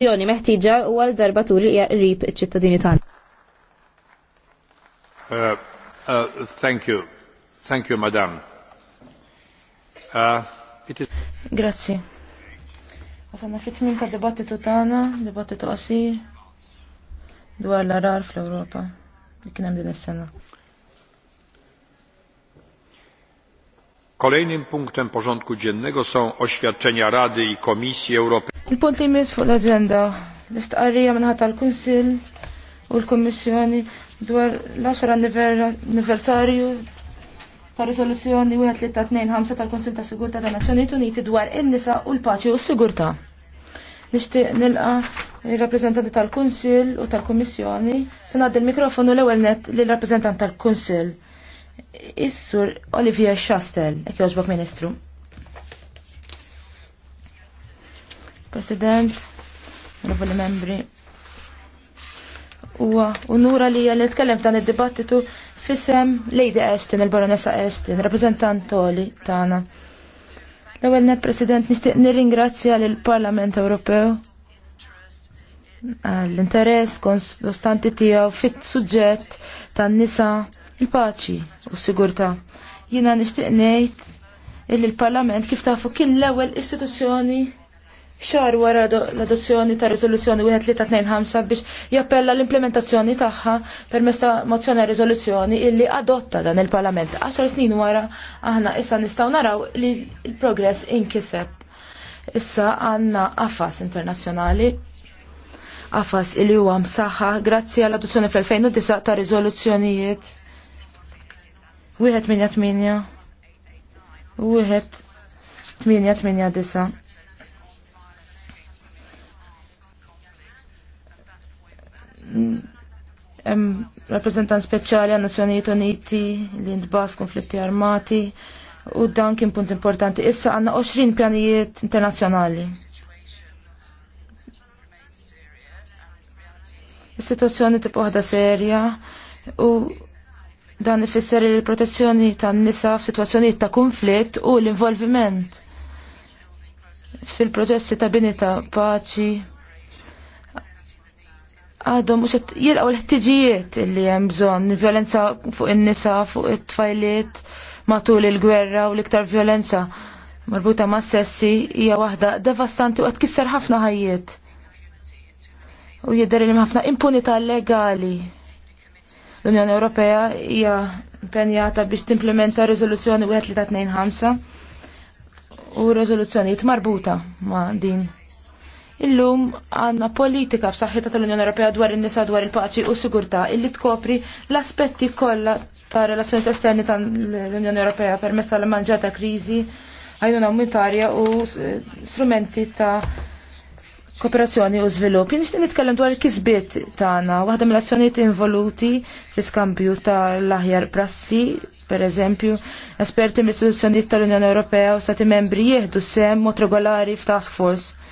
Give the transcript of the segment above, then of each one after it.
azzjoni meħtieġa u għal darba turi rib iċ-ċittadini tagħna. Uh, uh, thank you. Thank you, madam. Uh, is... Grazzi. Għasanna fit min ta' dibattitu tagħna, dibattitu qasir dwar l-arar fl-Ewropa. Kien hemm din is-sena. Kolejnym punktem porządku dziennego są oświadczenia Rady i Komisji Europejskiej. Il-punt li jmiss fuq l-agenda l-istqarrija minnħat tal kunsill u l-Kommissjoni dwar l-10 anniversarju ta' risoluzzjoni 1325 tal-Kunsil ta' Sigurta ta' Nazzjonijiet Uniti dwar in-nisa u l-paċi u s-sigurta. Nixtieq nilqa' il rappreżentanti tal kunsill u tal-Kummissjoni se ngħaddi l-mikrofonu l-ewwel nett lill-rappreżentant tal kunsill Is-sur Olivier Chastel, ek jogħġbok ministru. President, onorevoli membri, huwa unura li li tkellem f'dan id-dibattitu fisem Lady Ashton, il-Baronessa Ashton, rappresentant toli tagħna. L-ewwel net President nixtieq nirringrazzja lill Parlament Ewropew l interess konstanti tiegħu fit-suġġett tan-nisa il-paċi u s-sigurtà. Jiena nixtieq ngħid illi l-Parlament kif tafu kien l-ewwel istituzzjoni xar wara l-adozzjoni ta' riżoluzzjoni 1325 biex jappella l-implementazzjoni tagħha permezz ta' mozzjoni riżoluzzjoni illi adotta dan il-Parlament. 10 snin wara aħna issa nistgħu naraw li l-progress inkiseb. Issa għandna qafas internazzjonali qafas illi huwa msaħħa grazzi għall adozzjoni fl-2009 ta' riżoluzzjonijiet Wieħed minja tminja. Wieħed tminja tminja disa. Hemm rappreżentant speċjali għan Nazzjonijiet Uniti li ntbas konflitti armati u dan kien punt importanti. Issa għandna 20 pjanijiet internazzjonali. Is-sitwazzjoni tibqa' serja u Dan ifisser il-protezzjoni tan-nisa f'sitwazzjonijiet ta' konflitt u l-involviment fil-proċessi ta' bini ta' paċi. Għadhom mhux qed jilqgħu l-ħtiġijiet li hemm bżonn, violenza fuq in-nisa, fuq it-tfajliet matul il-gwerra u l-iktar violenza marbuta ma' sessi hija waħda devastanti u qed kisser ħafna ħajjiet. U jidher li ħafna impunità legali L-Unjoni Ewropea hija impenjata biex timplementa riżoluzzjoni 1325 u riżoluzzjoni marbuta ma' din. Illum għanna politika b'saħħitha tal-Unjoni Ewropea dwar in-nisa dwar il-paċi u sigurtà illi tkopri l-aspetti kollha ta' relazzjoni esterni tal-Unjoni Ewropea permessa tal-manġata kriżi, għajnuna umanitarja u strumenti ta' kooperazzjoni u żvilupp. Jien nixtieq nitkellem dwar il-kisbiet tagħna, waħda mill-azzjonijiet involuti fl-iskambju tal-aħjar prassi, pereżempju, esperti mill-istituzzjonijiet tal-Unjoni Ewropea u stati membri jieħdu sem mod regolari f'task force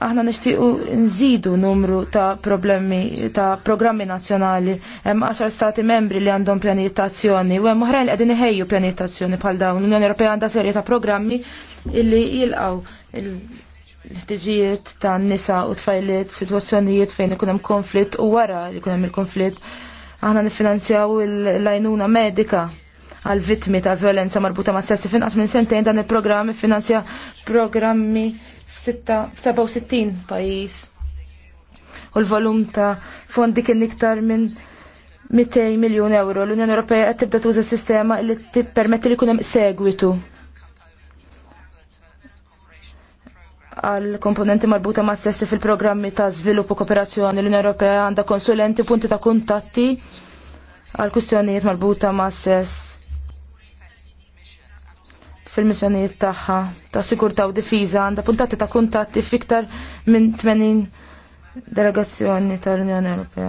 aħna nixtiequ nżidu numru ta' problemi ta' programmi nazzjonali hemm għaxar stati membri li għandhom pjanijiet ta' azzjoni u hemm oħrajn qegħdin iħejju pjanijiet ta' azzjoni bħal dawn. L-Unjoni Ewropea għandha serje ta' programmi illi jilqgħu l-ħtiġijiet ta' nisa u tfajliet, situazzjonijiet fejn ikun hemm konflitt u wara li jkun hemm il-konflitt. Aħna niffinanzjaw l-lajnuna medika għal vittmi ta' violenza marbuta ma' sessi finqas minn sentejn dan il-programm finanzja programmi 67 pajis. U l-volum ta' fondi kien iktar minn 200 miljon euro. L-Unjoni Ewropea qed tibda tuża sistema li tippermetti li jkun hemm segwitu għal komponenti marbuta ma' stessi fil-programmi ta' sviluppu kooperazzjoni l-Unjoni Ewropea għandha konsulenti punti ta' kuntatti għal kustjonijiet marbuta ma' stessi fil-missjonijiet tagħha ta' sigurtà u difiża għandha puntati ta' kuntatti fiktar minn 80 delegazzjoni tal-Unjoni Ewropea.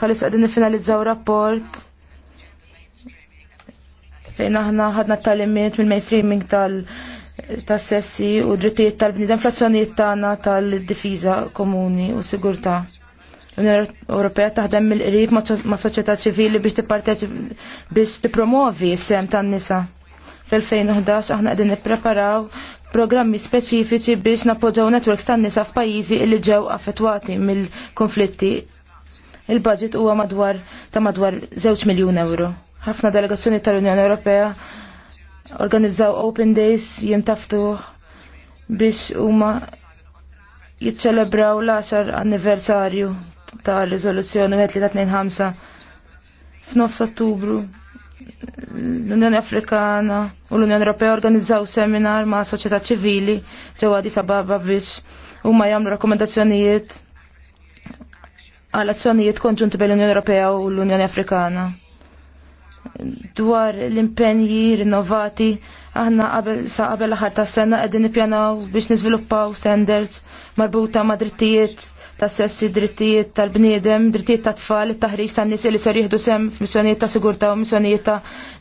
Palissa qegħdin nifinalizzaw rapport fejn aħna ħadna tal-immiet mill-mainstreaming tal- tas-sessi u drittijiet tal-bniedem fl-azzjonijiet tagħna tal-difiża komuni u sigurtà. L-Unjoni Ewropea taħdem mill-qrib ma' soċjetà ċivili biex tipparteċi biex tippromovi s-sem tan-nisa. Fl-2011 aħna qegħdin nippreparaw programmi speċifiċi biex nappoġġaw netwerks tan-nisa f'pajjiżi li ġew affettwati mill-konflitti. Il-budget huwa madwar ta' madwar 2 miljun euro. Ħafna delegazzjoni tal-Unjoni Ewropea organizzaw open days jiem taftuħ biex huma jiċċelebraw l-10 anniversarju ta' riżoluzzjoni 1325 f'nofs Ottubru l-Unjoni Afrikana u l-Unjoni Europea organizzaw seminar ma' soċjetà ċivili ġewwa Addis Ababa biex huma jagħmlu rakkomandazzjonijiet għal azzjonijiet konġunti bejn l-Unjoni Ewropea u l-Unjoni Afrikana. Dwar l-impenji rinnovati, aħna qabel sa qabel l-aħħar tas-sena qegħdin nippjanaw biex niżviluppaw standards marbuta ma' drittijiet ta' sessi drittijiet tal-bniedem, drittijiet ta' tfal, it-taħriġ tan nies li ser jieħdu sem f'missjonijiet ta' sigurtà u missjonijiet ta'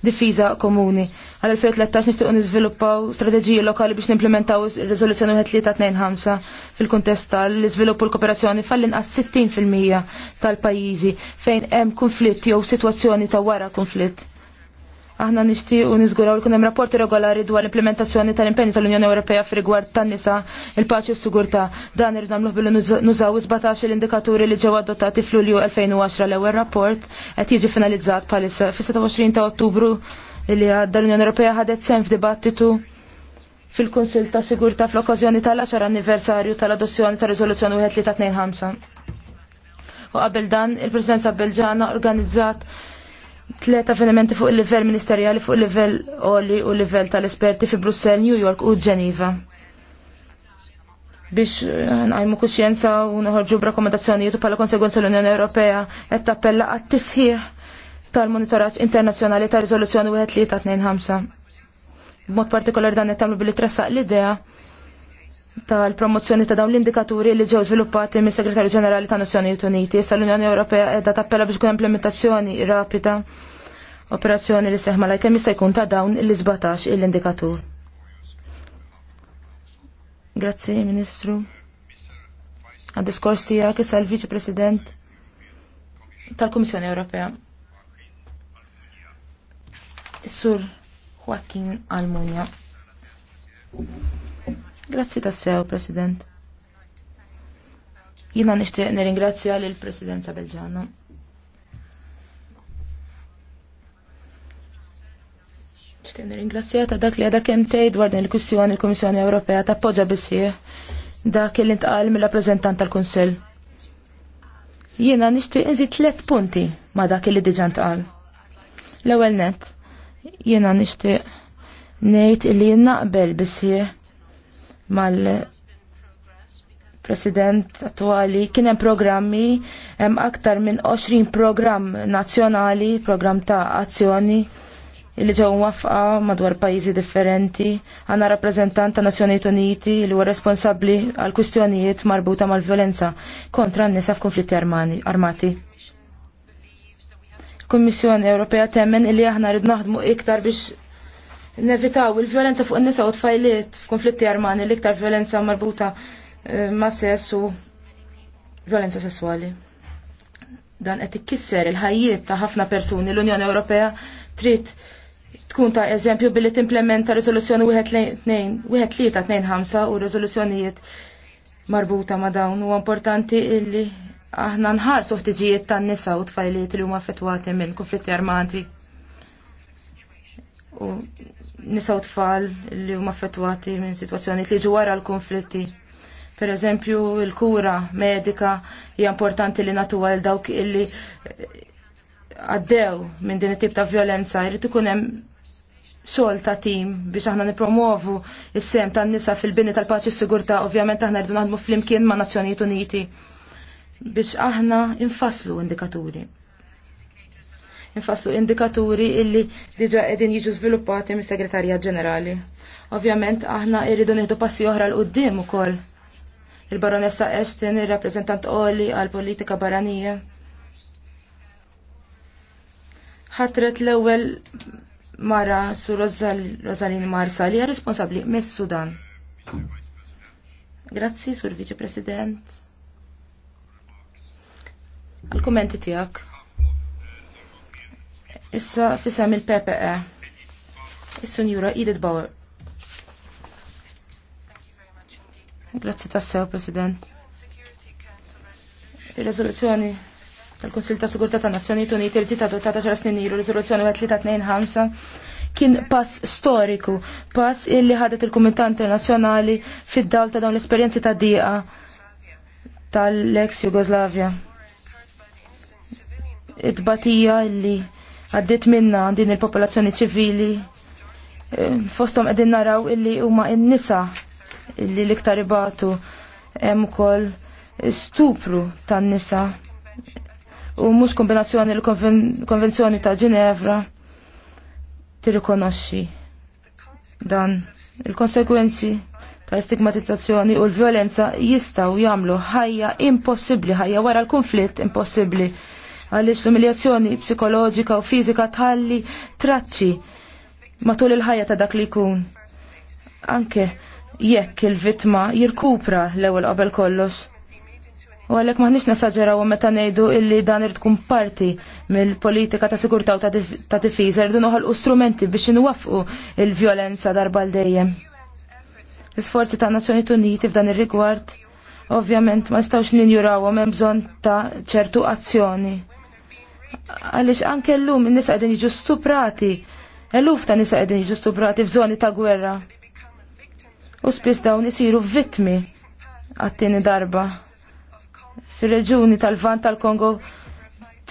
difiża komuni. Għal 2013 nistgħu niżviluppaw strateġiji lokali biex nimplementaw ir-riżoluzzjoni 1325 fil-kuntest tal-iżvilupp u l-kooperazzjoni fall-inqas 60% tal-pajjiżi fejn hemm konflitt jew sitwazzjoni ta' wara konflitt Aħna u niżguraw li kun hemm rapporti regolari dwar l-implementazzjoni tal-impenni tal-Unjoni Ewropea f'rigward tan-nisa, il-paċi u s-sigurtà. Dan irid nagħmluh billi nużaw 17 l-indikaturi li ġew adottati f'Lulju 2010 l-ewwel rapport qed jiġi finalizzat bħalissa fis-26 ta' Ottubru li għadda l-Unjoni Ewropea ħadet sem f'dibattitu fil-Kunsil ta' Sigurtà fl-okkażjoni tal-10 anniversarju tal-adozzjoni ta' riżoluzzjoni 1325. U qabel dan, il-Presidenza Belġana organizzat tlet avvenimenti fuq il-livell ministerjali fuq il-livell oli u livell tal-esperti fi Brussel, New York u Ġeniva. Biex għajmu eh, kuxjenza u nħorġu b'rakkomendazzjonijiet u pala konsegwenza l-Unjoni Ewropea qed tappella għat-tisħiħ tal-monitoraġġ internazzjonali ta' riżoluzzjoni 1325. B'mod partikolari dan qed tagħmlu billi tressaq l-idea tal-promozzjoni ta' dawn l-indikaturi li ġew żviluppati mis-Segretarju Ġenerali ta' Nazzjoni Uniti. Issa l-Unjoni Ewropea qiegħda tappella biex tkun implementazzjoni rapida operazzjoni li seħma lajk kemm jista' jkun ta' dawn l-17 l-indikatur. Grazzi, Ministru. Għad-diskors tiegħek issa l-Viċi President tal-Kummissjoni Ewropea. Sur Joaquin Almunia. Grazzi tassew, President. Jina nishtiq nirringrazzja lil presidenza Belġana. Nishtiq nirringrazzja ta' dak li għadha kemm tgħid dwar din il-kwistjoni l komissjoni Ewropea ta' poġa bisih dak li ntqal mill-rappreżentant tal-Kunsill. Jiena nixtieq inżid tliet punti ma' dak li diġà ntqal. L-ewwel net, jiena nixtieq ngħid li naqbel bisih mal-president attuali kien hemm programmi hemm aktar minn 20 programm nazzjonali, programm ta' azzjoni li ġew wafqa madwar pajjiżi differenti. Għandna rappreżentant ta' Nazzjonijiet Uniti li huwa responsabbli għal kwistjonijiet marbuta mal-violenza kontra n-nisa f'konflitti armati. Kummissjoni Ewropea temmen illi aħna rrid naħdmu iktar biex nevitaw il-violenza fuq n-nisa u f-konflitti armani l-iktar violenza marbuta eh, ma' sess u violenza sessuali. Dan qed ikkisser il-ħajjiet ta' ħafna persuni l-Unjoni Ewropea trid tkun ta' eżempju billi timplementa riżoluzzjoni wieħed tlieta tnejn ħamsa u riżoluzzjonijiet marbuta ma' dawn huwa importanti illi aħna nħarsu ħtiġijiet tan-nisa u tfajliet li huma affettwati minn konflitti armati u nisa u tfal li huma affettwati minn situazzjoni li ġu wara l-konflitti. Per eżempju, il-kura medika hija importanti li natuwa l dawk illi eh, għaddew minn din it-tip ta' violenza, jrid ikun hemm xogħol ta' tim biex aħna nipromovu is-sem tan-nisa fil-bini tal-paċi u sigurtà ovvjament aħna rridu naħdmu flimkien ma' Nazzjonijiet Uniti biex aħna infasslu indikaturi infasslu indikaturi illi diġa qegħdin jiġu żviluppati mis-Segretarja Ġenerali. Ovvjament aħna irridu nieħdu passi oħra l qudiem ukoll. Il-Baronessa Ashton, ir-rappreżentant Oli għal politika barranija. Ħatret l-ewwel mara su Rosalini Marsa li hija responsabbli mis-Sudan. Grazzi, Sur Viċi President. al kommenti tijak. Issa fissam il-PPE. Is-Sunjura Edith Bauer. Grazzi tassew, President. il rezoluzjoni tal-Konsil ta' Sigurtà ta' Nazzjoni Uniti il ġiet adottata ġara snin ilu riżoluzzjoni ħamsa kien pass storiku, pass illi ħadet il-Kumità Internazzjonali fid-dawl ta' dawn l-esperjenzi ta' diqa tal-ex Jugoslavja. It-batija illi għaddit minna din il-popolazzjoni ċivili e, fostom għedin naraw illi huma n-nisa illi l-iktar ibatu hemm ukoll stupru tan-nisa u mhux kombinazzjoni l-konvenzjoni ta' Ginevra tirrikonoxxi dan il-konsekwenzi ta' stigmatizzazzjoni u l-violenza jistaw jagħmlu ħajja impossibbli, ħajja wara l-konflitt impossibbli għaliex l-umiljazzjoni psikoloġika u fizika tħalli traċċi matul il-ħajja ta' dak li jkun. Anke jekk il-vitma jirkupra l-ewwel qabel kollox. U għalhekk maħniex u meta ngħidu illi dan irid parti mill-politika ta' sigurtaw ta' difiża irdu noħolqu strumenti biex nwafqu il-vjolenza darba l dejjem. L-isforzi ta' Nazzjoni Uniti f'dan ir-rigward ovvjament ma nistgħux ninjurawhom hemm bżonn ta' ċertu azzjoni Għaliex anke llum in nisa qegħdin jiġu stuprati. l-luf ta' nisa qegħdin jiġu stuprati f'żoni ta' gwerra. U spiss dawn isiru vittmi għattini tieni darba. Fir-reġuni tal-Vant tal-Kongo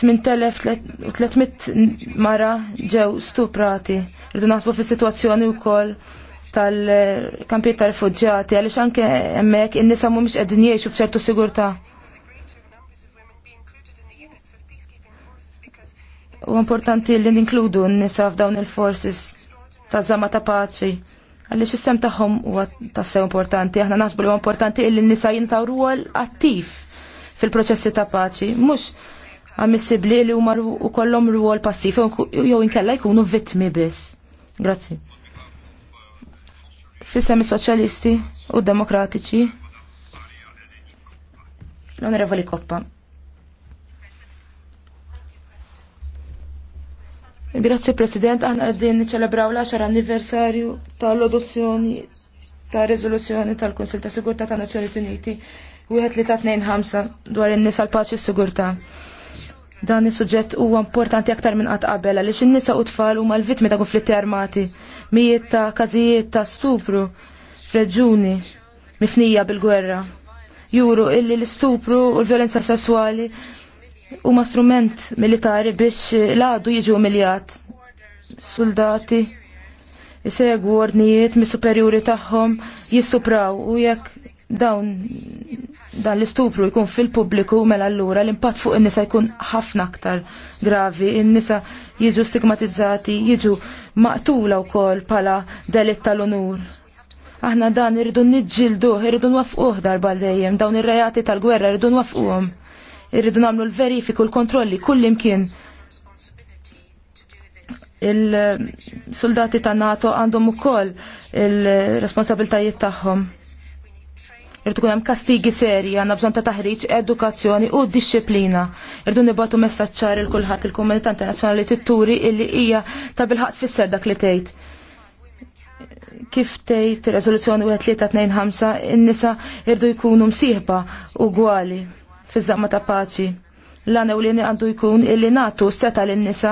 8300 mara ġew stuprati. Rridu naħsbu fis-sitwazzjoni wkoll tal-kampijiet ta' rifugġati, għaliex anke hemmhekk in-nisa mhumiex qegħdin jgħixu f'ċertu sigurtà. U importanti li ninkludu n-nisa f'dawn il-forces ta' zama ta' paċi. Għalli xissem taħħom u tassew importanti, aħna nasbu li importanti li n-nisa jintaw ruol attiv fil-proċessi ta' paċi. Mux għamissib li huma u kollom ruol passiv, jew inkella jkunu vittmi biss. Grazzi. Fissemi soċjalisti u demokratiċi. L-onorevoli Koppa. Grazzi President, għan għaddin niċelebraw l-10 anniversarju tal-adozzjoni ta' rezoluzzjoni tal-Konsil ta' Sigurta ta' Nazzjoni Uniti u li ta' 25 dwar in-nisa l-paċi u s-sigurta. Dan is-suġġett huwa importanti aktar minn qatt qabel għaliex in-nisa u tfal huma l-vittmi ta' konflitti armati, mijiet ta' każijiet ta' stupru f'reġuni mifnija bil-gwerra. Juru illi l-istupru u l-violenza sessuali huma strument militari biex laqdu jiġu umiljat. Soldati isegwu ordnijiet mis superjuri tagħhom jistupraw u jekk dawn dan l-istupru jkun fil-pubbliku mela allura l-impatt fuq in-nisa jkun ħafna aktar gravi, in-nisa jiġu stigmatizzati, jiġu maqtula wkoll pala delitt tal-onur. Aħna dan irridu niġġilduh, irridu nwafquh darba dejjem, dawn ir-rejati tal-gwerra irridu nwafquhom irridu nagħmlu l-verifiku l-kontrolli kull imkien il-soldati ta' NATO għandhom ukoll il-responsabiltajiet tagħhom. Irdu hemm kastigi seri, għanna bżonn ta' taħriġ, edukazzjoni u disċiplina. Irdu nibatu messaċċar il kulħadd il-komunità internazzjonali titturi illi hija ta' bilħat fisser dak li tgħid. Kif tgħid ir-reżoluzzjoni 1325 in-nisa irdu jkunu msieħba gwali fiż ta' paċi. L-għanew li għandu jkun illi natu seta l-nisa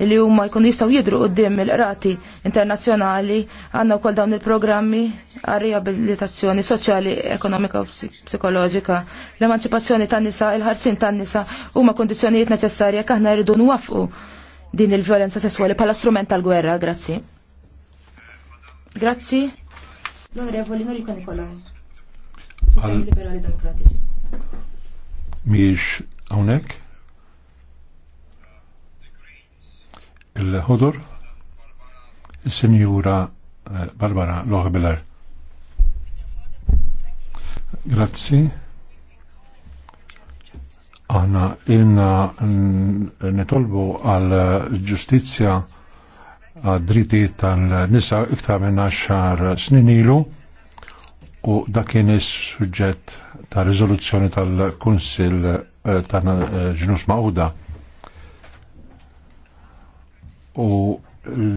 li huma jkun jistgħu jidru qudiem il-qrati internazzjonali għandna wkoll dawn il-programmi għal riabilitazzjoni soċjali, ekonomika u psikoloġika. L-emanċipazzjoni tan-nisa, il-ħarsin tan-nisa huma kondizjonijiet neċessarja aħna jridu nwafqu din il-violenza sessuali pala strument tal-gwerra, grazzi. Grazzi. L-Onorevoli Noriko Nikolaj. Liberali Demokratiċi miex għonek Il-ħodur, il senjura eh, Barbara Loħbiller. Grazzi. Aħna inna netolbu għal ġustizja għad dritti tal-nisa iktar minna xar snin ilu u dakin is-suġġett ta' riżoluzzjoni tal-Kunsil eh, ta' Ġinus Mawda u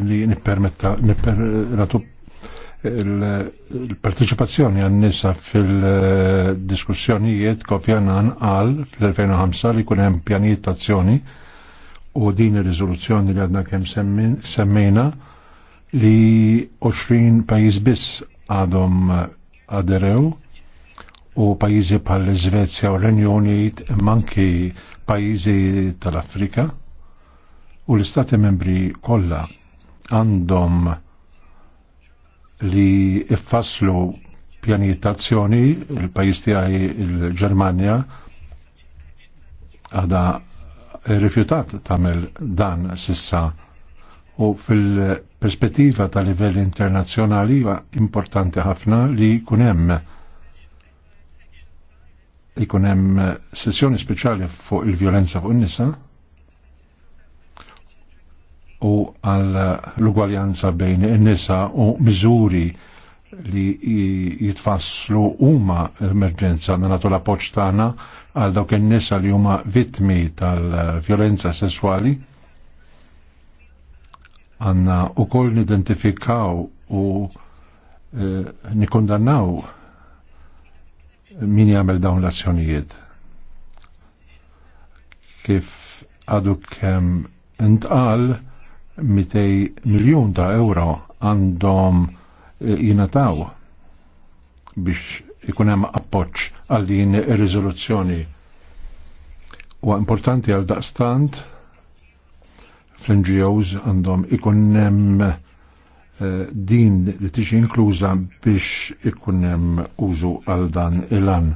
li nippermetta nippermetta il-parteċipazzjoni għan-nisa fil-diskussjonijiet Kofi għan għal fil-2005 li kunem pjanijiet tazzjoni u din ir-riżoluzzjoni li għadna kemm semmejna li 20 pajjiż biss għadhom aderew u pajizi bħal Svezja u l-Unjoni manki pajizi tal-Afrika u l-Istati membri kollha għandhom li ifasslu pjanijiet tazzjoni il-pajjiż tiegħi il-Ġermanja għada rifjutat tagħmel dan sissa u fil-perspettiva tal livell internazzjonali huwa importanti ħafna li kun hemm ikun hemm eh, sessjoni speċjali fuq il-vjolenza fuq in-nisa u għal l-ugwaljanza bejn in-nisa u miżuri li jitfasslu huma l-emerġenza nagħtu l-appoġġ tagħna għal dawk in-nisa li huma vittmi tal-vjolenza sesswali għanna u koll nidentifikaw u eh, nikondannaw min jagħmel dawn l-azzjonijiet. Kif għadu kemm intqal 200 miljun ta' euro għandhom eh, jinataw biex ikun hemm appoġġ għal din ir-riżoluzzjoni. Huwa importanti għal daqstant fl-NGOs għandhom ikun hemm din li tiġi inkluża biex ikun hemm użu għal dan il-an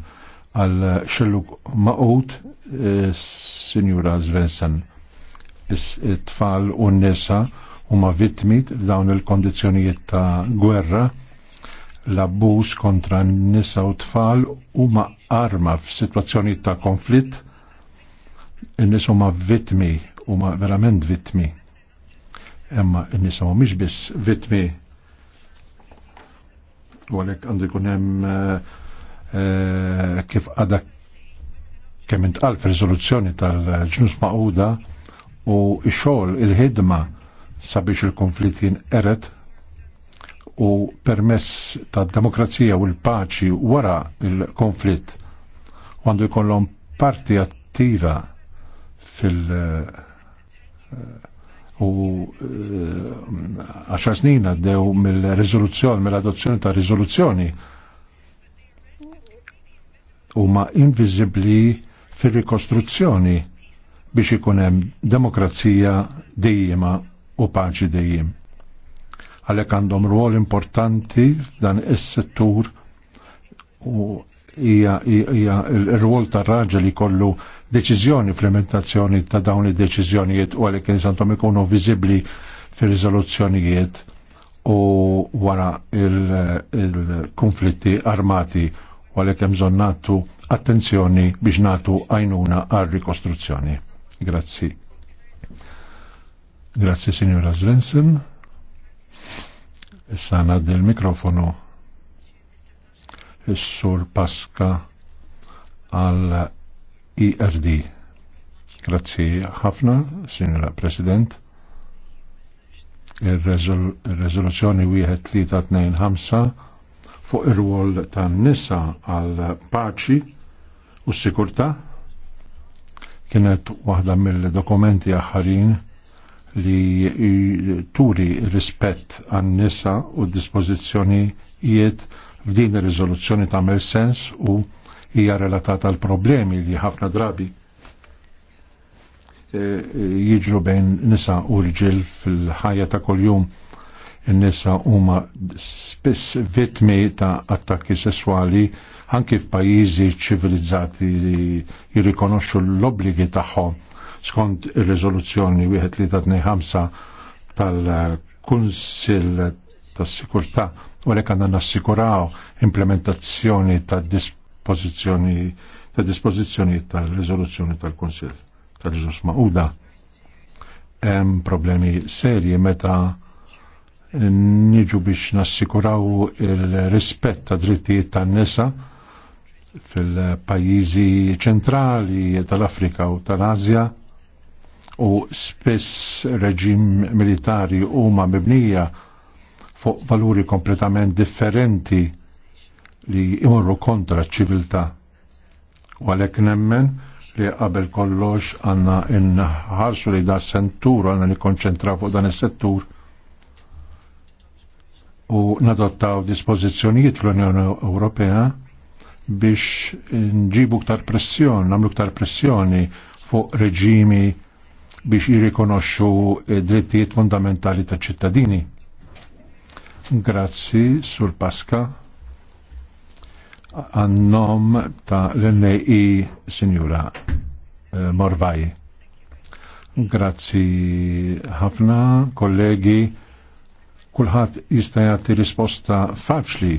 għal xelluk maqut e, Sinjura Svensson. Is-tfal u n-nisa huma vittmi f'dawn il-kondizzjonijiet ta' gwerra l-abbuż kontra n-nisa u tfal huma arma f'sitwazzjoni ta' konflitt in-nies huma vittmi huma verament vittmi Emma n-nisa mhumiex biss vitmi u għalhekk għandu jkun hemm eh, eh, kif għadha kemm intqal fir tal-ġnus maquda u x-xogħol il-ħidma sabiex il-konflitt jinqeret u permess tad demokrazija u l-paċi wara il-konflitt għandu jkollhom parti attiva fil- uh, u eh, għaxar snin għaddew mill-rizoluzzjoni, mill-adozzjoni ta' rezoluzzjoni u ma' invizibli fil-rikostruzzjoni biex ikunem demokrazija dejjima u paċi dejjim. Għalek għandhom ruol importanti dan is-settur u hija il-rwol tar-raġel li kollu deċizjoni, fl-implementazzjoni ta' dawn id deċizjonijiet u għalhekk nisantom ikunu viżibbli fir-riżoluzzjonijiet u wara il-konflitti il armati u għalhekk hemm bżonn nagħtu attenzjoni biex nagħtu għajnuna għal rikostruzzjoni. Grazzi. Grazzi Signora Svensson. Issa ngħaddi l-mikrofonu is-sur Pasqa għal IRD. E Grazzi ħafna, Signora President. Il-rezoluzzjoni wieħed li ta' fuq ir-rwol tan nisa għal paċi u s-sikurta kienet waħda mill-dokumenti aħħarin li turi rispett għan nisa u dispożizzjonijiet f'din ir-riżoluzzjoni ta' sens u hija relatata għal problemi li ħafna drabi e, e, jiġru bejn nisa u rġil fil-ħajja ta' kol-jum. Nisa huma spiss vittmi ta' attakki sessuali anki f'pajjiżi ċivilizzati li jirrikonoxxu l-obbligi tagħhom skont ir-riżoluzzjoni wieħed li tatnej ħamsa tal-Kunsill tas-Sikurtà u għalhekk għandna nassikuraw implementazzjoni ta' dis pożizzjoni ta' dispożizzjonijiet tal-riżoluzzjoni tal-Kunsill tal-ġus maquda. Hemm problemi serji meta niġu biex nassikuraw il-rispett ta' drittijiet tan-nisa fil-pajjiżi ċentrali tal-Afrika u tal-Azja u spess reġim militari huma mibnija fuq valuri kompletament differenti li imorru kontra ċiviltà. U għalhekk nemmen li qabel kollox għanna inħarsu li da sentur għanna li konċentra fuq dan is-settur u nadottaw dispożizzjonijiet fl-Unjoni Ewropea biex nġibu ktar pressjoni, namlu ktar pressjoni fuq reġimi biex jirrikonoxxu drittijiet fundamentali ta' ċittadini. Grazzi, Sur Pasqua għannom ta' l-NEI Signora eh, Morvaj. Grazzi ħafna, kollegi, kullħat jista' jagħti risposta faċli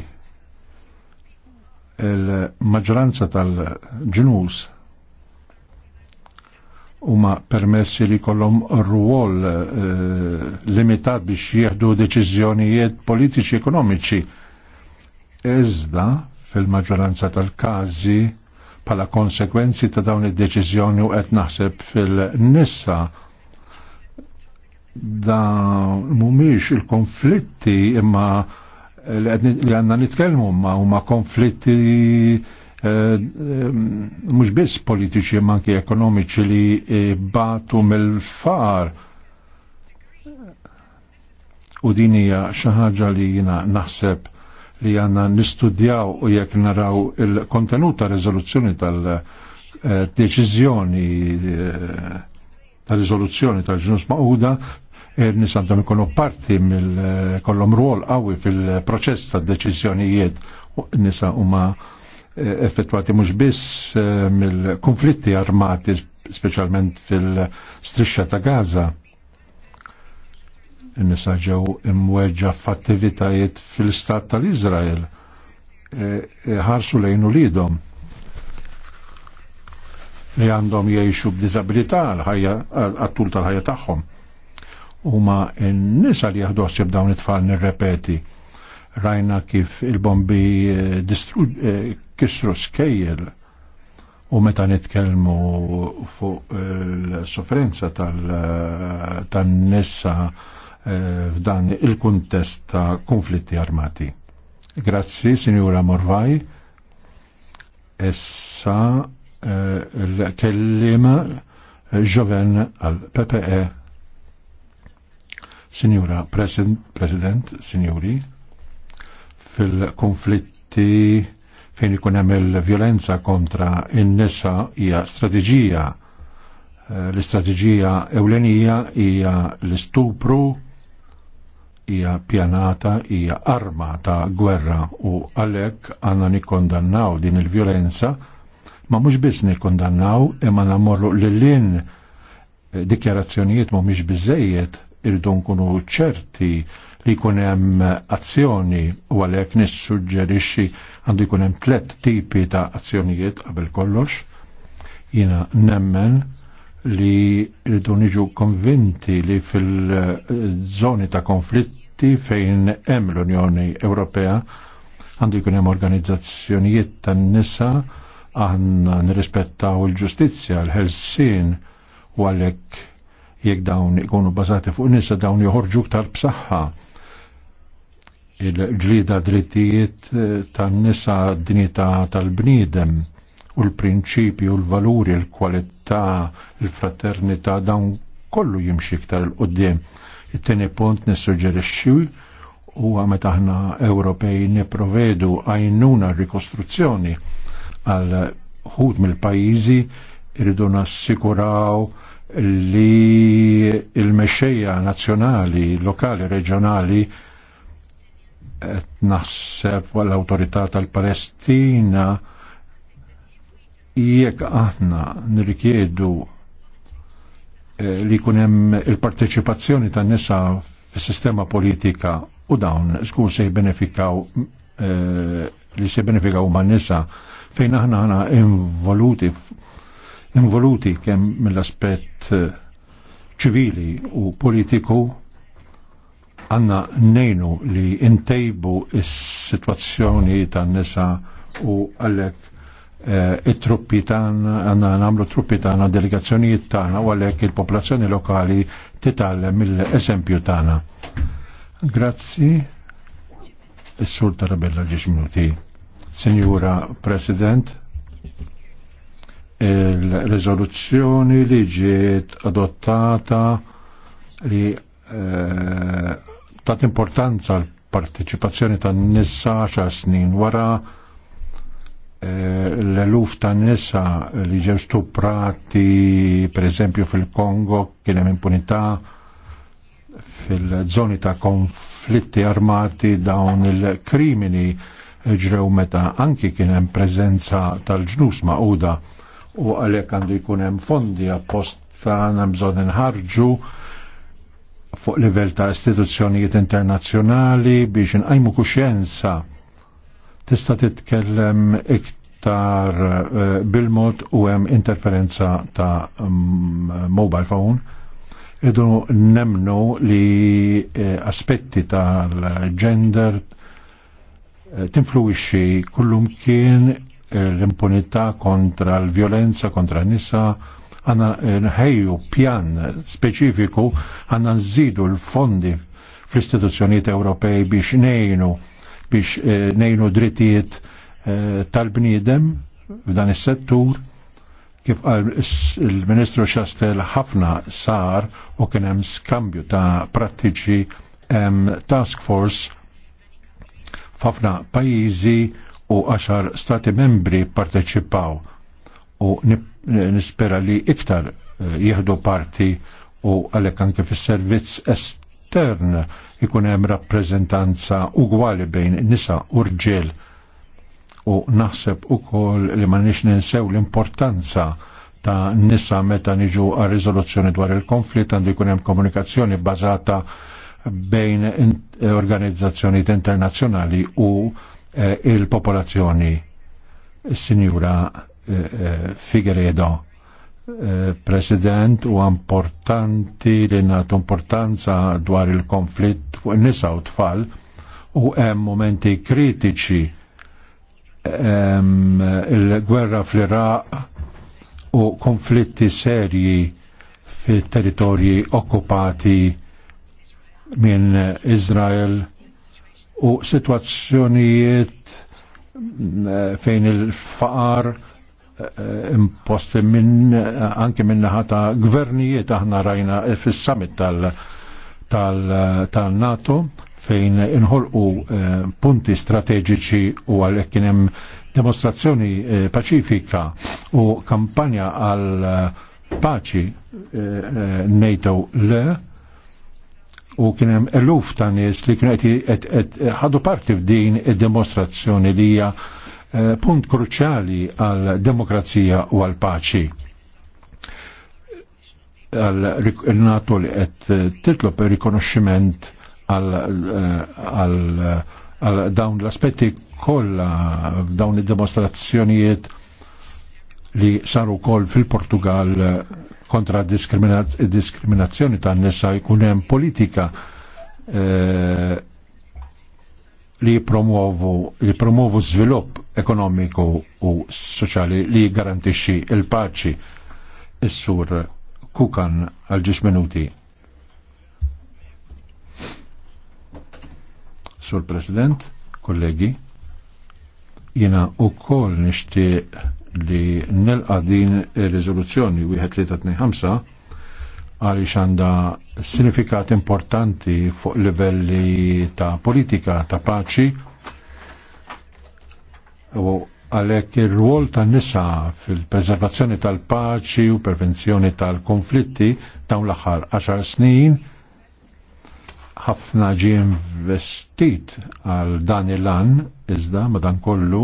il-maġranza tal-ġnus huma permessi li kollhom rwol eh, limitat biex jieħdu deċiżjonijiet politiċi ekonomiċi. Iżda fil-maġġoranza tal-każi pala konsekwenzi ta' dawn id-deċiżjoni u qed naħseb fil-nissa da mumiex il-konflitti imma li għanna nitkellmu ma huma konflitti eh, eh, mhux biss politiċi ma anke ekonomiċi li batu mill-far u din hija xi ħaġa li jiena naħseb li għanna nistudjaw u jekk naraw il kontenuta rezoluzzjoni tal-deċizjoni eh, eh, ta' rizoluzzjoni tal-ġnus ma'uda nis għandhom ikonu parti mill-kollom eh, ruol għawi fil-proċess ta' deċizjonijiet nisa huma effettuati mhux biss mill-konflitti armati specialment fil-strisċa ta' Gaza nisa ġew imweġa f'attivitajiet fil-Stat tal izrael e, e, ħarsu lejn u lidhom li għandhom jgħixu b'diżabilità għal-tul tal-ħajja tagħhom. Huma n-nisa li jaħdossib dawn it-tfal nirrepeti. Rajna kif il-bombi e, kisru skejjel u meta nitkellmu fuq il-sofferenza tal nisa tal f'dan il-kuntest ta' konflitti armati. Grazzi, Sinjura Morvaj. Essa eh, l-kellima ġoven eh, għal PPE. Sinjura President, Sinjuri, fil-konflitti fejn ikun hemm il-vjolenza kontra in-nisa hija strateġija eh, l-istrateġija ewlenija hija l-istupru hija pjanata, hija arma ta' gwerra u għalhekk għandna nikkondannaw din il-vjolenza ma mhux biss nikondannaw imma namorru lil-lin eh, dikjarazzjonijiet mhumiex biżejjed irdun nkunu ċerti li jkun hemm azzjoni u għalhekk nissuġġerixxi għandu jkun hemm tliet tipi ta' azzjonijiet qabel kollox. jina nemmen li rridu niġu konvinti li fil-żoni ta' konflitti fejn hemm l-Unjoni Ewropea għandu jkun hemm organizzazzjonijiet tan-nisa aħna nirrispettaw il-ġustizzja, l-ħelsin u għalhekk jekk dawn ikunu bażati fuq nisa dawn joħorġu ktar b'saħħa il-ġlida drittijiet eh, tan-nisa d-dinjità tal-bniedem u l-prinċipju, l-valuri, l-kwalità, l-fraternità dawn kollu jimxi iktar il-qoddim. it teni punt nissuġġerixxi u meta aħna Ewropej nipprovedu għajnuna rikostruzzjoni għal ħut mill-pajjiżi irridu nassikuraw li il-mexxejja nazzjonali, lokali, reġjonali qed naħseb l-awtorità tal-Palestina jekk aħna nirrikjedu eh, li kunem il-parteċipazzjoni tan nisa fis-sistema politika u dawn skur se jbenefikaw eh, li se jbenefikaw ma' nisa fejn aħna ħana involuti involuti kemm mill-aspett eh, ċivili u politiku għanna nejnu li intejbu is-sitwazzjoni tan nisa u għalek Eh, it-truppi tagħna għandna nagħmlu truppi tagħna delegazzjonijiet tagħna u għalhekk il-popolazzjoni lokali titgħallem mill-eżempju tagħna. Grazzi. Is-Sur Tarabella ġiex minuti. Sinjura President, il-rezoluzzjoni li ġiet adottata li eh, tat importanza l-partiċipazzjoni tan nisa xa snin wara l-eluf ta' nisa li ġew stuprati, per eżempju, fil-Kongo, kien hemm impunità fil-żoni ta' konflitti armati dawn il-krimini ġrew meta anki kien hemm preżenza tal-ġnus maquda u għalhekk għandu jkun hemm fondi apposta hemm bżonn fuq livell ta' istituzzjonijiet internazzjonali biex inqajmu kuxjenza tista' titkellem iktar iktar eh, bil-mod u hemm interferenza ta' mm, mobile phone. Idu nemnu li eh, aspetti tal-gender eh, tinfluwixxi kullum kien l-impunità kontra l-violenza kontra n-nisa għanna nħejju pjan speċifiku għanna nżidu l-fondi fl-istituzzjoniet Ewropej biex nejnu biex nejnu drittijiet Eh, tal-bniedem f'dan is-settur kif qal il-Ministru Xastel ħafna sar u kien hemm skambju ta' prattiċi hemm task force f'ħafna pajjiżi u għaxar stati membri parteċipaw u nispera li iktar eh, jieħdu parti u għalhekk anke fis-servizz estern ikun hemm rappreżentanza ugwali bejn nisa u rġiel u naħseb ukoll li ma nix ninsew l-importanza ta' nisa meta niġu għal riżoluzzjoni dwar il-konflitt għandu jkun hemm komunikazzjoni bazata bejn organizzazzjonijiet internazzjonali u eh, il-popolazzjoni. Signora eh, eh, Figueredo, President, u importanti li nagħtu importanza dwar il-konflitt fuq nisa u tfal u hemm momenti kritiċi il-gwerra fl-Iraq u konflitti serji fil-territorji okkupati minn Izrael u situazzjonijiet mm, fejn il-faqar eh, imposti minn eh, anke minn ta' gvernijiet aħna rajna eh, fis-summit tal-NATO fejn inħolqu eh, punti strateġiċi u għalhekk kien hemm demostrazzjoni eh, paċifika u kampanja għal eh, paċi NATO le u kien hemm eluf ta' nies li kienu qed ħadu parti f'din id demostrazzjoni li hija punt kruċjali għal demokrazija u għal paċi għal NATO li titlu per rikonoxximent għal dawn l-aspetti kolla dawn id-demonstrazzjonijiet li saru kol fil-Portugal kontra diskriminazzjoni ta' nisa jkun hemm politika eh, li promuovu li promuovu svilupp ekonomiku u soċali li garantixxi il-paċi is-sur Kukan għal ġiex minuti. Sur President, kollegi, jina u kol nishti li nelqa din rezoluzzjoni 1325 għali xanda sinifikat importanti fuq livelli ta' politika, ta' paċi u għalek il-rwol ta' nisa fil-preservazzjoni tal-paċi u prevenzjoni tal-konflitti dawn l-axar 10 snin ħafna ġi investit għal dan il-an, iżda madan kollu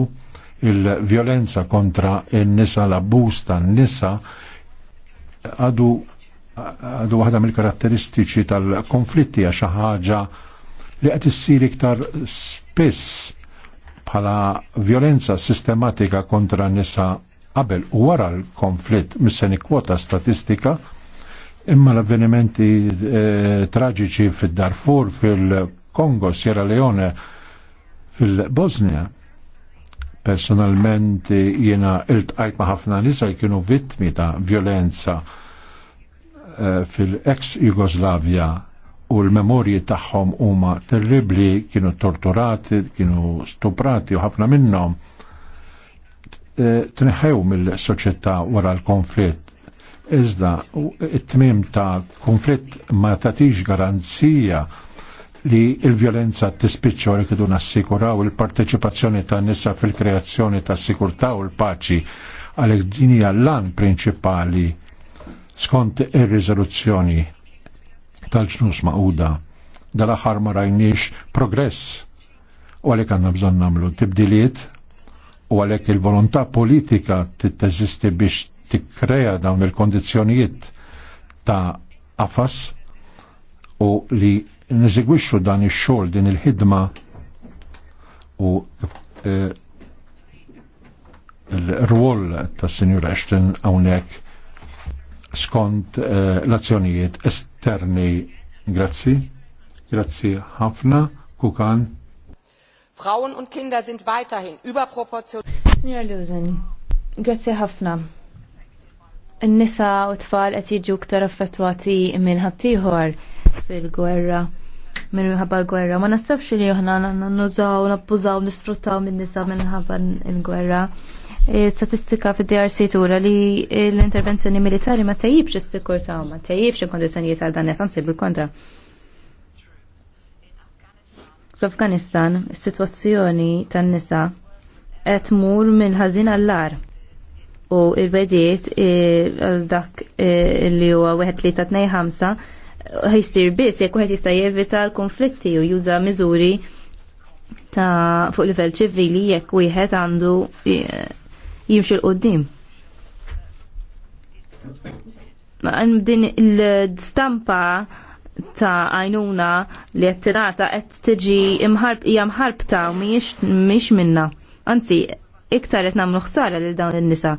il-violenza kontra il-nisa, l-abbuż tan-nisa għadu għadu waħda mill-karatteristiċi tal-konflitti għax ħaġa li qed issir iktar spiss bħala violenza sistematika kontra nisa qabel u wara l-konflitt mis-seni kwota statistika Imma l-avvenimenti eh, traġiċi fil-Darfur, fil-Kongo, Sierra Leone, fil-Bosnia, personalment jiena il ma' ħafna nisa kienu vittmi ta' violenza eh, fil-ex Jugoslavja u l-memorji tagħhom huma terribli, kienu torturati, kienu stuprati u ħafna minnhom eh, tneħħew mill-soċjetà wara l-konflitt Iżda, it-tmim ta' konflitt ma tatix garanzija li il-violenza t-tispicċa u rrikidu nassikuraw il-parteċipazzjoni ta' nisa fil-kreazzjoni ta' sikurta u l-paċi għalek dinija l-an principali skont ir-riżoluzzjoni tal-ġnus ma'uda dal-axar ma rajniex progress u għalek għanna bżon namlu tibdiliet u għalek il-volontà politika t-tazisti biex tikkreja dawn il-kondizjonijiet ta' qafas u li nżegwixxu dan ix-xogħol din il-ħidma u e, il rwol ta' Sinjur Ashton hawnhekk skont e, l-azzjonijiet esterni. Grazzi, grazzi ħafna, kukan. Frauen und Kinder sind weiterhin überproportioniert. Signor Lusen, grazie ħafna n-nisa u tfal qed jiġu ktar affettwati minn ħaddieħor fil-gwerra minn minħabba l-gwerra. Ma nastabx li aħna nużaw, nappużaw, nisfruttaw minn nisa minħabba l-gwerra. E, statistika fid drc tura li l-intervenzjoni militari ma tajibx is-sikurtà, ma tajibx il-kondizzjonijiet għal dan nesansi bil-kontra. fl is-sitwazzjoni tan-nisa qed tmur minn ħażin għall għar u il-bediet e, dak e, li huwa wieħed li ta' tnej ħamsa ħajstir biss jekk wieħed jista' jevita l-konflitti u juża miżuri ta' fuq livell ċivili jekk wieħed għandu e, jimxi l-qoddim. Din il-stampa ta' għajnuna li qed tirata qed tiġi imħarb hija mħarbta mhijiex mhix minna. Anzi, iktar qed nagħmlu ħsara lil dawn in-nisa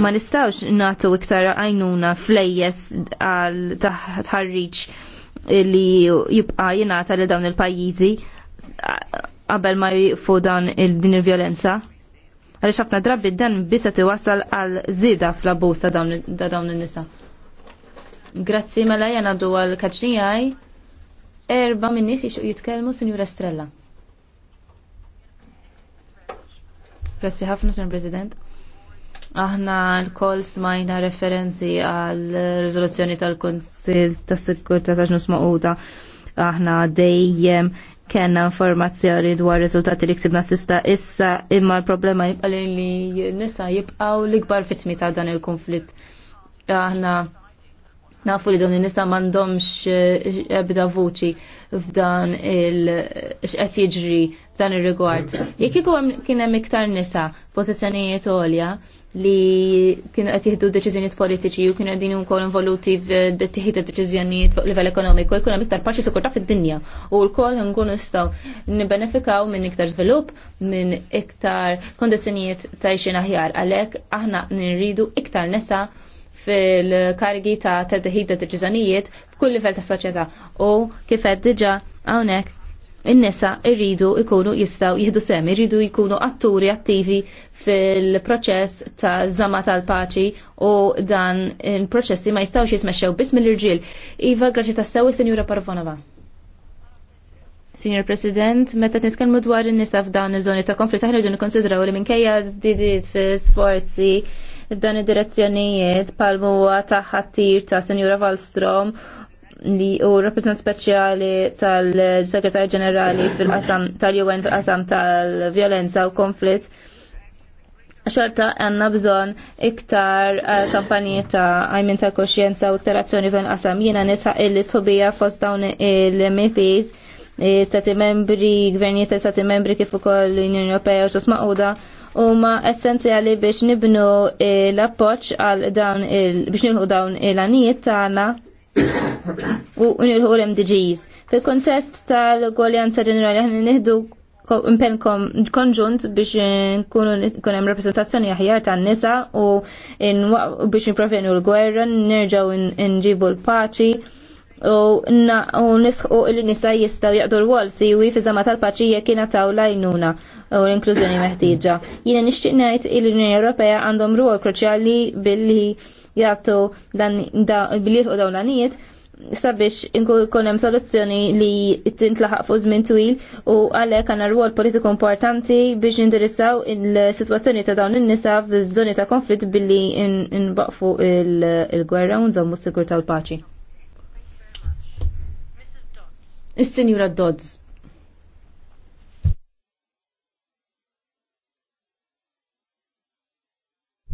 ma nistawx natu iktar għajnuna flejjes għal tħarriċ li jibqa jenata li dawn il-pajizi qabel ma jifu dan din il-violenza. Għalix ħafna drabi dan bisa tiwasal għal zida fl abusa ta' dawn il-nisa. Grazzi mela jena du għal kaċnijaj. Erba minnis jixuq jitkelmu, Sinjura Estrella. Grazzi ħafna, Sinjur President. Aħna l-koll smajna referenzi għal rizoluzzjoni tal-Konsil tas sikurta ta' ġnus maquta. Aħna dejjem kena informazzjoni dwar riżultati li ksibna sista issa imma l-problema jibqali li nisa jibqaw l-ikbar fitmi ta' dan il-konflitt. Aħna nafu li dawn in-nisa m'għandhomx eh, ebda vuċi f'dan il-xqed jiġri f'dan ir-rigward. Jekk ikun kien hemm iktar nisa pożizzjonijiet għolja, li kienu qed jieħdu deċiżjonijiet politiċi u kienu qegħdin ukoll involuti f'tieħid deċiżjonijiet fuq livell ekonomiku jkun hemm iktar paċi sikurtà fid-dinja u wkoll nkunu nistgħu nibbenefikaw minn iktar żvilupp minn iktar kondizzjonijiet ta' xin aħjar għalhekk aħna nirridu iktar nesa fil-kargi ta' teħid deċiżjonijiet f'kull livell ta' soċjetà u kif qed diġà hawnhekk in-nisa irridu ikunu jistaw jihdu sem, irridu jkunu atturi attivi fil-proċess ta' zama tal-paċi u dan il-proċessi ma jistawx jismexxew biss mill-irġiel. Iva, graċi ta' sewi, Senjura Parvonova. Signor President, meta nitkellmu dwar in-nisa f'dan iż-żoni ta' konflitt aħna rridu nikkonsidraw li minkejja żdidiet fi sforzi f'dan id-direzzjonijiet palmu ta' ħattir ta' Senjura Wallstrom li u rappresentant speċjali tal-Segretar Ġenerali fil-qasam tal-UN fil-qasam tal-violenza u konflitt xorta għanna bżon iktar eh, kampanji ta' għajmin ta' koxjenza u iktar azzjoni fil qasam jina nisħaq illi sħobija fost dawn il-MPs stati membri, gvernijiet stati membri kif ukoll l-Unjoni Ewropea u ġusma' u huma essenzjali biex nibnu l-appoġġ għal dawn biex nilħu dawn il-għanijiet tagħna u nilħu l-MDGs. Fil-kontest tal-gwaljanza ġenerali ħan nihdu impen konġunt biex nkunu hemm rappresentazzjoni aħjar tan-nisa u biex niprevenu l-gwerra, nerġgħu nġibu l-paċi u nisħu il-nisa jistaw jaqdu l-wol siwi fi tal-paċi jekk jingħataw lajnuna u l-inklużjoni meħtieġa. Jiena nixtieq ngħid il-Unjoni Ewropea għandhom rwol kruċjali billi jgħatu dan bilieħu dawn l-għanijiet sabiex inkun hemm soluzzjoni li tintlaħaq fuq żmien twil u għalhekk għandna rwol politiku importanti biex indirizzaw il-sitwazzjoni ta' dawn in-nisa f'żoni ta' konflitt billi nbaqfu il-gwerra u nżommu s-sigur tal-paċi. Is-Sinjura Dodds.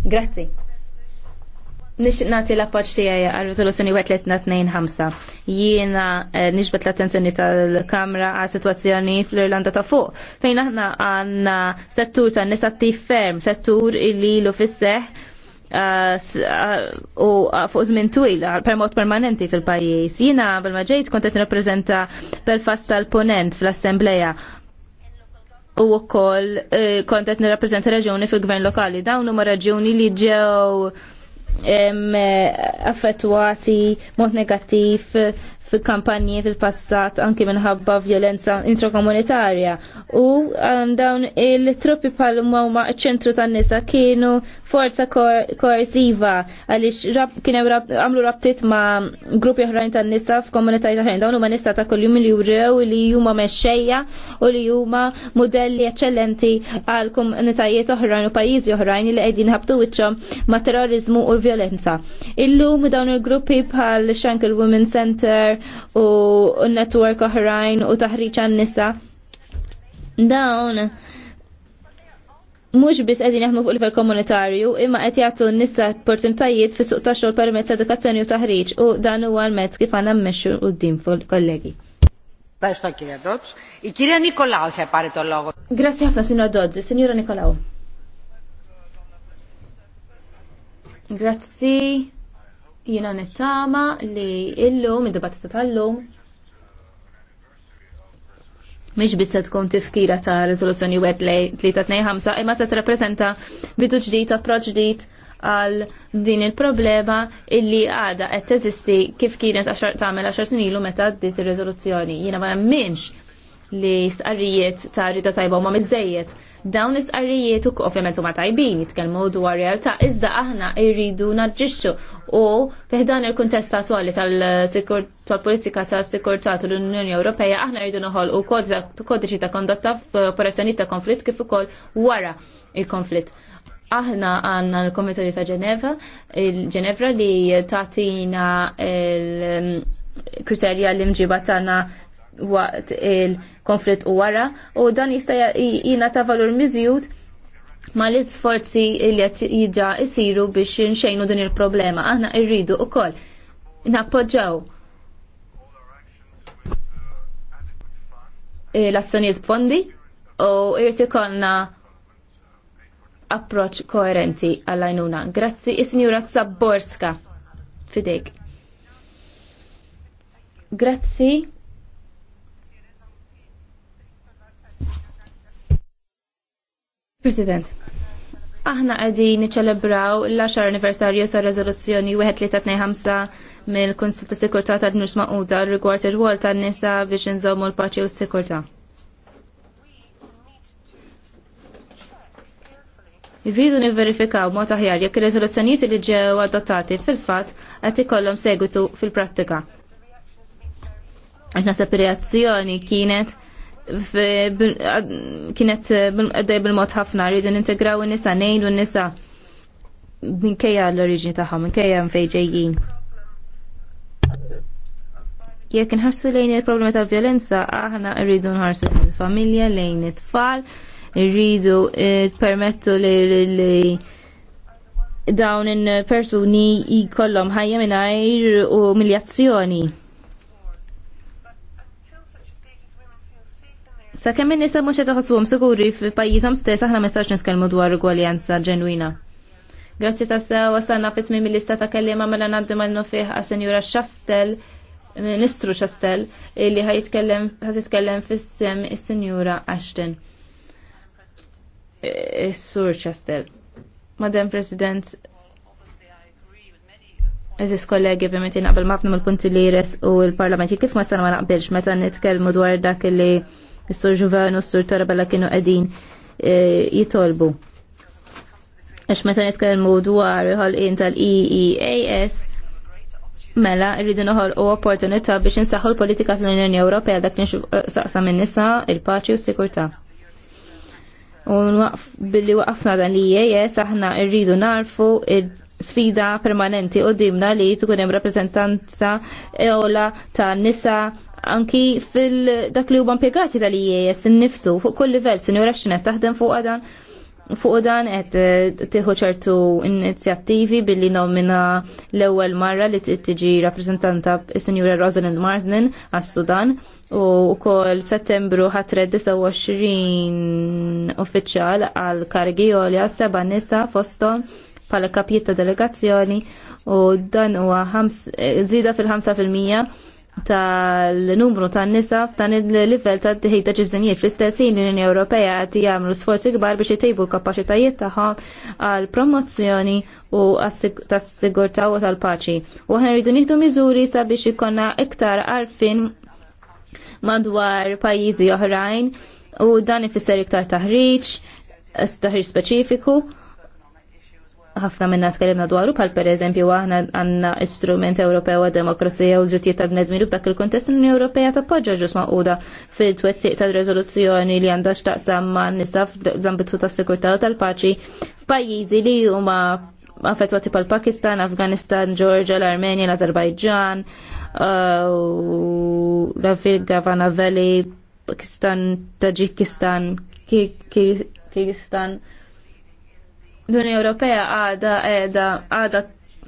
Grazie nix nati l-appoċ tijaj għal-rizoluzjoni 1325. Jiena eh, nixbet l-attenzjoni tal-Kamra għal situazzjoni fl-Irlanda ta' fuq. Fejn aħna għanna settur ta' nisattiv ferm, settur illi l-ufisseħ eh, eh, u fuq żmien twil per mod permanenti fil-pajjiż. Jiena bil-maġejt kont qed nirrappreżenta Belfast tal-Ponent fl-Assembleja u wkoll kont qed nirrappreżenta reġjuni fil-gvern lokali. Dawn huma raġuni li ġew affettwati mod negattiv fil kampanji fil-passat anki minħabba violenza intrakomunitarja u um, dawn il-truppi pal huma ċentru tan nisa kienu forza koerziva għaliex kienu għamlu rabtit ma' gruppi oħrajn tan nisa f'komunitajiet oħrajn dawn huma nista ta' kuljum li jurew li huma mexxejja u li huma modelli eċċellenti għal komunitajiet oħrajn u pajjiżi oħrajn li qegħdin ħabtu wiċċhom ma' terrorizmu u l-vjolenza. Illum dawn il-gruppi bħal Shankill Women Center u n-network oħrajn u taħriġ għan-nisa. Dawn mhux biss għedin jahmu fuq livell komunitarju, imma qed jagħtu n-nisa opportunitajiet fis suq tax-xogħol permezz edukazzjoni u taħriġ u dan huwa l-mezz kif u mmexxu quddiem fuq kollegi. Ευχαριστώ κύριε Ντότς. Η κυρία Grazie ħafna signora Dodzi. signora Nikolaou. Grazzi. Jiena nittama li illum, id-dibattitu tal-lum, mhix biss se tkun tifkira ta' riżoluzzjoni wet lej 325 imma se tirrappreżenta bidu ġdid approċ ġdid għal din il-problema illi għada qed teżisti kif kienet għaxar tagħmel għaxar snin meta għaddit ir-riżoluzzjoni. Jiena ma minx li stqarrijiet ta' rida tajba ma' mizzejiet. Dawn l-istqarrijiet u ovvjament huma tajbin jitkellmu dwar realtà iżda aħna irridu naġġixxu u fiħdan il-kuntest attwali tal-politika ta' u l unjoni Ewropea aħna rridu noħol u kodiċi ta' kondotta f'operazzjonijiet ta' konflitt kif ukoll wara il-konflitt. Aħna għanna l-Konvenzjoni ta' Ġenevra, il-Ġenevra li tatina il-kriterja l-imġiba tagħna waqt il-konflitt u wara u dan jista' jina ta' valur miżjud ma l-isforzi li qed jiġa jsiru biex nxejnu din il-problema. Aħna rridu wkoll nappoġġaw l-azzjonijiet fondi u jrid ikollna approċ koerenti għall-għajnuna. Grazzi, is-Sinjura Zaborska fidejk. Grazzi. President, aħna għadi niċelebraw l-10 anniversarju ta' rezoluzzjoni 1325 mill-Konsil ta' Sikurtà ta' Dnus Maquda rigward ir-rwol ta' nisa biex inżommu l-paċi u s-sikurtà. Irridu nivverifikaw mod aħjar jekk ir-riżoluzzjonijiet li ġew adottati fil-fatt qed ikollhom segwitu fil-prattika. Aħna nasab reazzjoni kienet kienet eh, għaddej bil-mod ħafna rridu nintegraw n nisa nejn u n-nisa kajja l taħħa, tagħhom, minkejja n ġejjin. Jekk inħarsu lejn il-problema tal-vjolenza, aħna rridu nħarsu lejn il-familja, lejn it-tfal, rridu eh, permettu li dawn in-persuni jkollhom ħajja mingħajr u miljazzjoni. Sa kemm in-nisa mhux qed iħossuhom siguri f'pajjiżhom stess aħna ma nistax nitkellmu dwar ugwaljanza ġenwina. Grazzi ta' sew wasalna fit mim lista ta' kellima mela ngħaddi mal nofih għas Senjura Xastel, Ministru Xastel, li ħajitkellem fis-sem is-Senjura Ashton. Is-Sur eh, Xastel. Madam President, Eżis kollegi, ovvijament, għabel mafnum il punti li u il parlamenti kif ma s-sana ma naqbilx, meta nitkelmu dwar dak li Is-Sur Ġuvan u s-Sur Torabella kienu qegħdin e, jitolbu. Għax meta nitkellmu dwar ħolqien tal-EEAS, mela rridu noħol u opportunità biex insaħħu l-politika tal-Unjoni Ewropea dak kienx saqsa minn nisa il-paċi u s-sikurtà. U billi waqfna dan l-EAS e aħna rridu narfu sfida permanenti u dimna li tkun hemm rappreżentanza eola ta' nisa anki fil-dak li huma impjegati tal-IES innifsu fuq kull livell, sinjura x'net taħdem fuq dan fuq dan qed eh, tieħu ċertu inizjattivi billi nomina l-ewwel marra li tiġi rappreżentanta is-Sinjura Rosalind Marsden għas-Sudan u wkoll f'Settembru ħatred 29 uffiċjal għal kargi għolja seba' nisa fosthom pala kapjiet ta' delegazzjoni u dan huwa zida eh, fil-5% tal-numru ta' nisa f'dan il-livell ta' tħej deċiżjonijiet fl-istess l-Unjoni Ewropea qed jagħmlu sforzi kbar biex jtejbu l-kapaċitajiet tagħhom għal promozzjoni u tas-sigurtà u tal-paċi. U aħna rridu nieħdu miżuri sabiex ikonna iktar għarfin madwar pajjiżi oħrajn u dan ifisser iktar taħriġ, taħriġ speċifiku ħafna minna tkellimna dwaru pal per eżempju aħna għandna Instrument Ewropew għad demokrazija u ġittijiet ta' bnedmin u f'dak il-kontest l-Unjoni Ewropea poġġa ġus maquda fil-twettiq tal-reżoluzzjoni li għandha x'taqsam ma' nisa fl-ambitu tas-sikurtà tal-paċi f'pajjiżi li huma affettwati pal pakistan Afganistan, Georgia, l-Armenja, l-Azerbajġan, uh, Rafil Gavana Valley, Pakistan, Tajikistan, Kyrgyzstan. Ki l-Unjoni Ewropea għada għada għada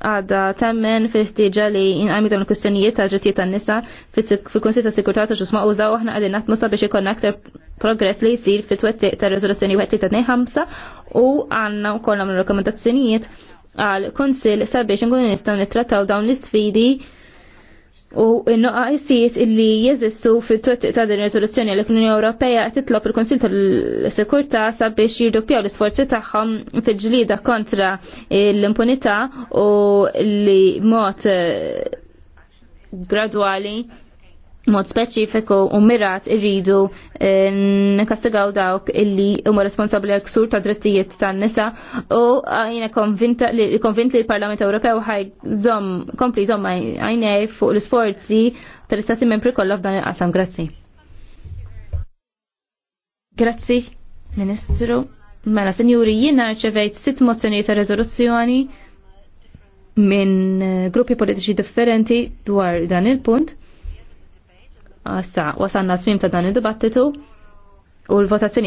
għada temmen fil-ħtieġa li jinqamidu l kustjonijiet ta' ġetijiet tan-nisa fil-Kunsil ta' Sikurtà ta' xusma użaw aħna qegħdin naħdmu sabiex ikollna aktar progress li jsir fit-twettiq ta' riżoluzzjoni 1325 u għandna wkoll l rekomendazzjonijiet għal kunsil sabiex nkunu nistgħu nittrattaw dawn l-isfidi u n-nuqqaqisijiet illi jeżistu fit-twettiq ta' din risoluzzjoni l unjoni Ewropea titlob il-Konsil tal-Sekurta sabiex jirdoppjaw l-isforzi tagħhom fil-ġlida kontra l-impunità u li mod eh, gradwali mod speċifiku u mirat irridu eh, nkastigaw dawk illi huma responsabbli għal ksur ta' drittijiet tan-nisa u ah, jiena konvint li l-Parlament Ewropew ħaj żomm kompli żomm għajnej fuq l-isforzi tal-istati membri kollha f'dan il-qasam. Grazzi. Grazzi, Ministru. Mela, Sinjuri, jiena rċevejt sitt mozzjonijiet ta' rezoluzzjoni minn eh, gruppi politiċi differenti dwar dan il-punt Issa, wasanna s-mim ta' dan id-dibattitu u l-votazzjoni